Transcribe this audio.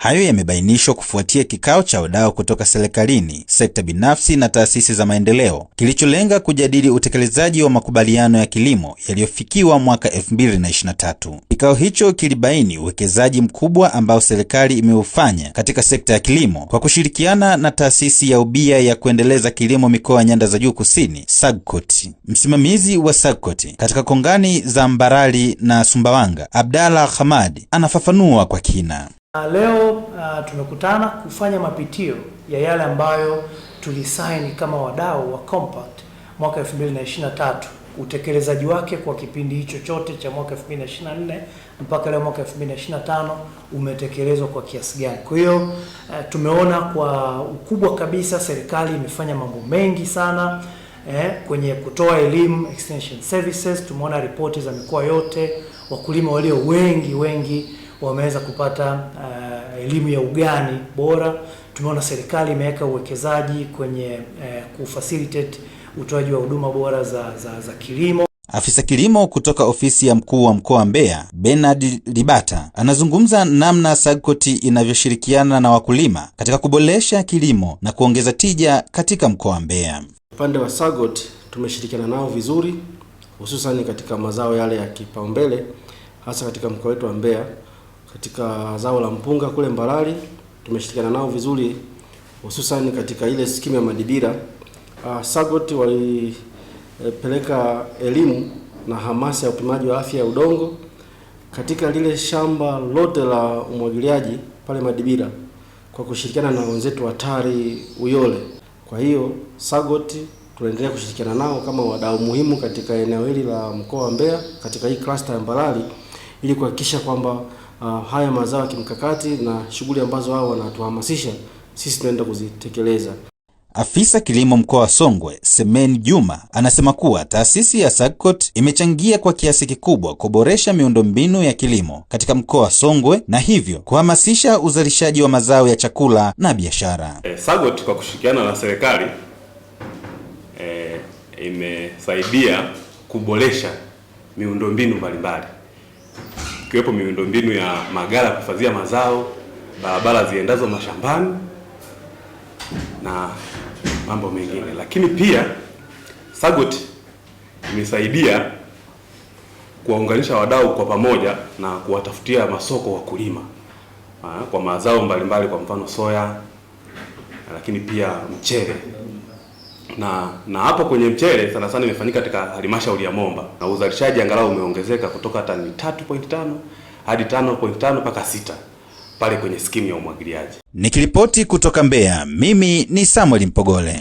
Hayo yamebainishwa kufuatia kikao cha wadau kutoka serikalini, sekta binafsi na taasisi za maendeleo kilicholenga kujadili utekelezaji wa makubaliano ya kilimo yaliyofikiwa mwaka 2023. Kikao hicho kilibaini uwekezaji mkubwa ambao serikali imeufanya katika sekta ya kilimo kwa kushirikiana na taasisi ya ubia ya kuendeleza kilimo mikoa ya Nyanda za Juu Kusini, SAGCOT. Msimamizi wa SAGCOT katika kongani za Mbarali na Sumbawanga, Abdalla Hamadi, anafafanua kwa kina. Leo uh, tumekutana kufanya mapitio ya yale ambayo tulisaini kama wadau wa Compact mwaka 2023, utekelezaji wake kwa kipindi hicho chote cha mwaka 2024 mpaka leo mwaka 2025 umetekelezwa kwa kiasi gani. Kwa hiyo uh, tumeona kwa ukubwa kabisa serikali imefanya mambo mengi sana eh, kwenye kutoa elimu extension services. Tumeona ripoti za mikoa yote, wakulima walio wengi wengi wameweza kupata uh, elimu ya ugani bora. Tumeona serikali imeweka uwekezaji kwenye uh, kufacilitate utoaji wa huduma bora za, za, za kilimo. Afisa kilimo kutoka ofisi ya mkuu wa mkoa wa Mbeya, Bernard Libata, anazungumza namna SAGCOT inavyoshirikiana na wakulima katika kuboresha kilimo na kuongeza tija katika mkoa wa Mbeya. Upande wa SAGCOT tumeshirikiana nao vizuri, hususani katika mazao yale ya kipaumbele, hasa katika mkoa wetu wa Mbeya katika zao la mpunga kule Mbarali. Tumeshirikiana nao vizuri, hususan katika ile skimu ya madibira. Uh, SAGOT walipeleka elimu na hamasa ya upimaji wa afya ya udongo katika lile shamba lote la umwagiliaji pale Madibira kwa kushirikiana na wenzetu wa TARI Uyole. Kwa hiyo SAGOT tunaendelea kushirikiana nao kama wadau muhimu katika eneo hili la mkoa wa Mbeya katika hii cluster ya Mbarali ili kuhakikisha kwamba uh, haya mazao ya kimkakati na shughuli ambazo wao wanatuhamasisha sisi tunaenda kuzitekeleza. Afisa kilimo mkoa wa Songwe Semen Juma anasema kuwa taasisi ya SAGCOT imechangia kwa kiasi kikubwa kuboresha miundombinu ya kilimo katika mkoa wa Songwe na hivyo kuhamasisha uzalishaji wa mazao ya chakula na biashara. E, SAGCOT kwa kushirikiana na serikali e, imesaidia kuboresha miundombinu mbalimbali ikiwepo miundombinu ya magala ya kuhifadhia mazao, barabara ziendazo mashambani na mambo mengine. Lakini pia SAGOT imesaidia kuwaunganisha wadau kwa pamoja na kuwatafutia masoko wakulima eh, kwa mazao mbalimbali, kwa mfano soya, lakini pia mchele na na hapo kwenye mchele sana sana imefanyika katika halmashauri ya Momba na uzalishaji angalau umeongezeka kutoka tani 3.5 hadi 5.5 mpaka sita pale kwenye skimu ya umwagiliaji. Nikiripoti kutoka Mbeya, mimi ni Samuel Mpogole.